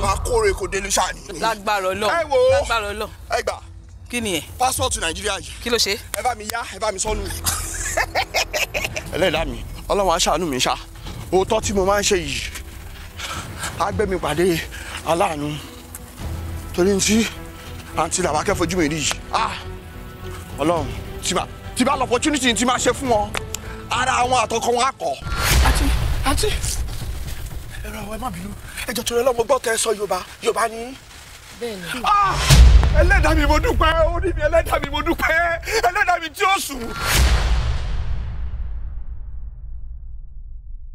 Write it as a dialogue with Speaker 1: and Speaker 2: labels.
Speaker 1: máa kóre kò délé ṣáàní. lágbára Ọlọ́run ẹ wo lágbára Ọlọ́run ẹ gbà. kí ni ẹ. pásọ̀tù nàìjíríà yìí. kí ló ṣe. ẹ bá mi yá ẹ bá mi sọnù.
Speaker 2: ẹlẹ́dàá mi ọlọ́run aṣàánú mi ṣá òótọ́ tí mo máa ń ṣe yìí á gbé mi pàdé aláàánú torí ní tí àǹtí làwọn akẹ́fọ́jú mi rí yìí ọlọ́run tí bá tí bá lọ tí máa ṣe fún wọn ara àwọn
Speaker 3: àtọkọ wọn á kọ. àti àti ẹ má bínú ẹ jọ torí ọlọ́mọ gbọ́ tẹ ẹ sọ yorùbá yorùbá ni.
Speaker 4: bẹ́ẹ̀ni. Ah!
Speaker 3: ẹlẹ́dàá mi mo dúpẹ́ ó ní mi ẹlẹ́dàá mi mo dúpẹ́ ẹlẹ́dàá mi tí ó sùn.